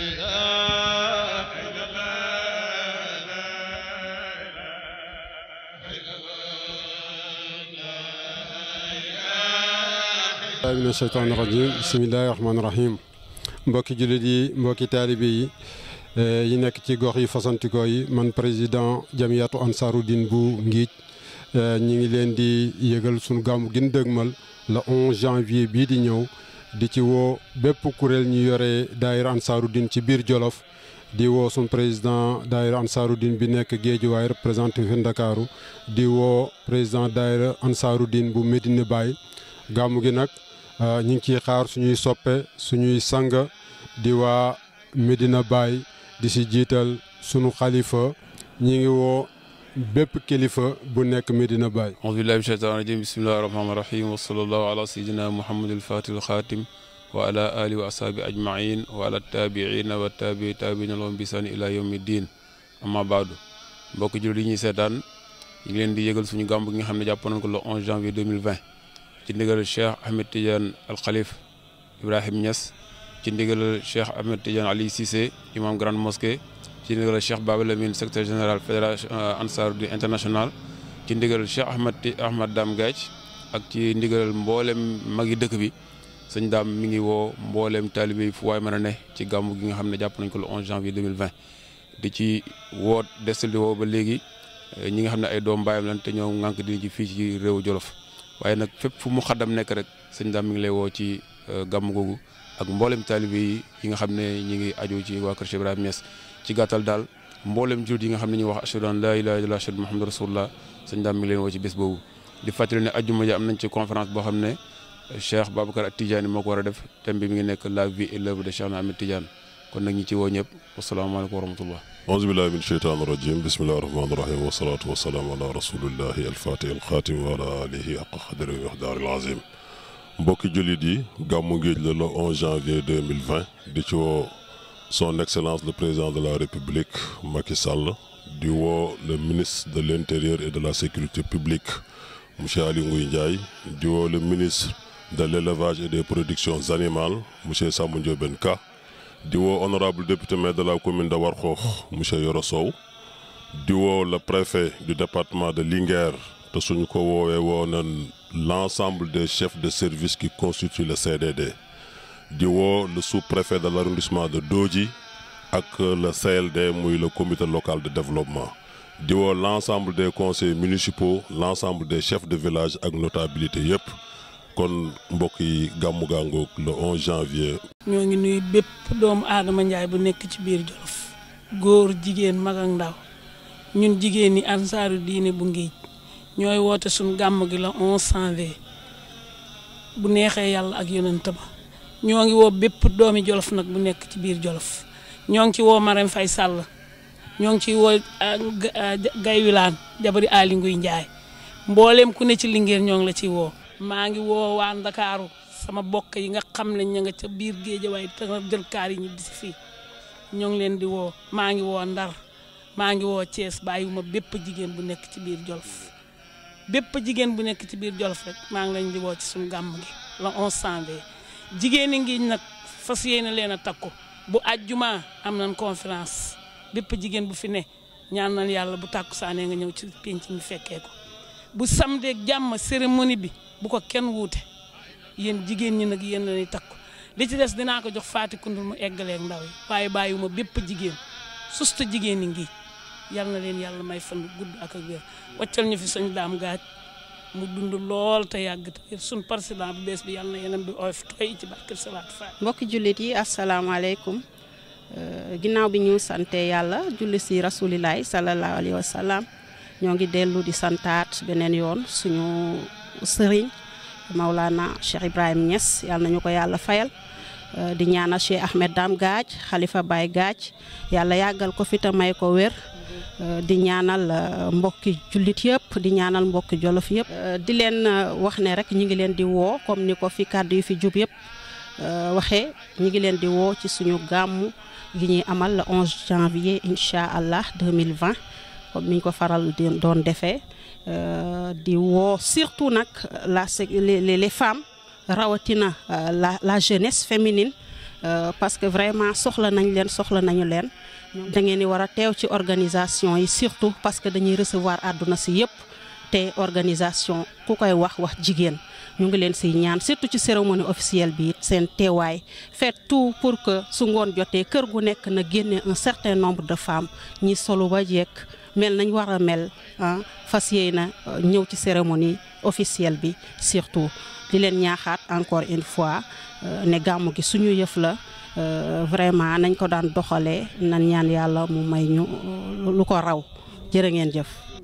mina sheytaani rajim bisimilahi rahmaani rahim mbokki jullit yi mbokki taalibe yi eh, yi nekk ci gox yi fasantikoo yi man président jamiyatu ansaruddin bu ngiij eh, ñi ngi leen di yëgal sunu gàmmu gin dëgmal le janvier bii di ñëw di ci woo bépp kuréel ñu yore daayira Ansaarud-Din ci biir Jolof di woo suñ président daayira Ansaarud-Din bi nekk waaye représenté fi Ndakaaru di woo président daayira Ansaarud-Din bu Medina Baye gàmmu gi nag euh, ñu ngi ciy xaar suñuy soppe suñuy sang di waa Medina Baye di si jiital sunu xalifa ñi ngi woo بيب كليفة بنك مدينة باي أعوذ بالله من الشيطان الرجيم بسم الله الرحمن الرحيم وصلى الله على سيدنا محمد الفاتح الخاتم وعلى آله وأصحابه أجمعين وعلى التابعين والتابع تابعين لهم بسان إلى يوم الدين أما بعد بك جلدي نسيتان يلين دي يغل سنو غامبو نحن نجابون نقول 11 جانفي 2020 جندقل الشيخ أحمد تيجان الخليف إبراهيم نيس جندقل الشيخ أحمد تيجان علي سيسي إمام جراند موسكي ci ndigal Cheikh Baba Lamine secrétaire général fédération euh, Ansar du international ci ndigal Cheikh Ahmad Ahmad Dame Gaaj ak ci ndigal mboolem magi dëkk bi sëñ daam mi ngi woo mboolem taalibe yi fu waay mën ne ci gàmmu gi nga xam ne jàpp nañ ko le 11 janvier 2020 di ci woo desal woo ba léegi euh, ñi nga xam ne ay doom mbaayam lan te ñoo ŋànk di ci fii ci réewu Jolof waaye nag fépp fu mu xaddam nekk rek sëñ daam mi ngi lay woo ci euh, gàmmu googu ak mboolem taalibe yi yi nga xam ne ñi ngi aju ci waa Kër Cheikh ci gàttal daal mboolem jullit yi nga xam ne ñuy wax ashhadu an laa ilaaha illallaah ashhadu muhammadu rasulullah sëñ daam am nañ ci conférence boo xam ne Cheikh Babacar ak Tidiane moo ko war a def thème bi mi ngi nekk la vie et l'œuvre de Cheikh Ahmed Tidiane kon nag ñi ci woo ñëpp wasalaamaaleykum wa rahmatullah auzu billahi min sheytaani rajim bismillahi rahmaani rahim wasalaatu wasalaamu ala rasulillahi mbokki Djolidi, le 11 janvier 2020 son excellence le président de la république Macky Sall di le ministre de l'intérieur et de la sécurité publique M. Ali Ngouille Ndiaye le ministre de l'élevage et des productions animales M. Samba Benka, du di honorable député maire de la commune de M. monsieur du haut le préfet du département de Linger, te et ko l'ensemble des chefs de service qui constituent le CDD le sous-préfet de l'arrondissement de Doji et le CLD le comité local de développement l'ensemble des conseils municipaux l'ensemble des chefs de village ak notabilité le 11 janvier Nous ñooy woote suñ gàmm gi la 11 janvier bu neexee yàlla ak yonent ba ñoo ngi woo bépp doomi jolof nag bu nekk ci biir jolof ñoo ngi ci woo Marème Faye ñoo ngi ci woo ah, ah, Gaye jabari Aly Nguy Ndiaye mbooleem ku ne ci Linguère ñoo ngi la ciy woo maa ngi woo waa Ndakaaru sama bokk yi nga xam ne ña nga ca biir géej waaye te jël kaar yi ñu bisi fii ñoo ngi leen di woo maa ngi woo Ndar maa ngi woo Thiès bàyyiwuma bépp jigéen bu nekk ci biir jolof bépp jigéen bu nekk ci biir Jolof rek maa ngi leen di ci suñu gàmm gi la 11 jigéen ñi ngi nag fas yéene leen a takku bu àjjuma am nañ conférence bépp jigéen bu fi ne ñaan nañ yàlla bu takku saanee nga ñëw ci pénc mi fekkee ko bu samedi ak jàmm cérémonie bi bu ko kenn wuute yéen jigéen ñi nag yéen la ñuy takku li ci des dinaa ko jox faati kundul mu eggaleeg ndaw yi waaye bàyyiwuma bépp jigéen susta jigéen ñi ngi. yal na leen yàlla may fan gudd ak ak waccal ñu fi sëñ daam gaaj mu dund lool te yàgg te suñ président bu bees bi yal na yeneen bi oyof tooy ci barke salaat fa mbokki jullit yi asalaamaaleykum euh, ginnaaw bi ñu sante yàlla julli si rasulilaay salallaahu alayhi salaam ñoo ngi dellu di santaat beneen yoon suñu sëriñ Maulana Cheikh Ibrahim Niass yal na ñu ko yàlla fayal Euh, di ñaanal Cheikh Ahmed Dam Khalifa Bay Gaaj yalla yagal ko ko euh, di ñaanal euh, mbokki julit di ñaanal mbokki jolof yëpp di len wax ne rek ñi ngi di comme ni fi fi le 11 janvier inshallah 2020 comme nous faral doon surtout les femmes rawatina euh, la la jeunesse féminine euh, parce que vraiment soxla nañ leen soxla nañu leen da ngeen di war a teew ci organisation yi surtout parce que dañuy recevoir àdduna si yëpp te organisation ku koy wax wax jigéen ñu ngi leen siy ñaan surtout ci cérémonie officielle bi seen teewaay fait tout pour que su ngoon jotee kër gu nekk na génne un certain nombre de femmes ñi solu ba jekk mel nañ war a mel ah fas yéene na euh, ñëw ci cérémonie officielle bi surtout di leen ñaaxaat encore une fois euh, ne gàmmu gi suñu yëf la euh, vraiment nañ ko daan doxalee nañ ñaan yàlla mu may ñu lu ko raw jërë ngeen jëf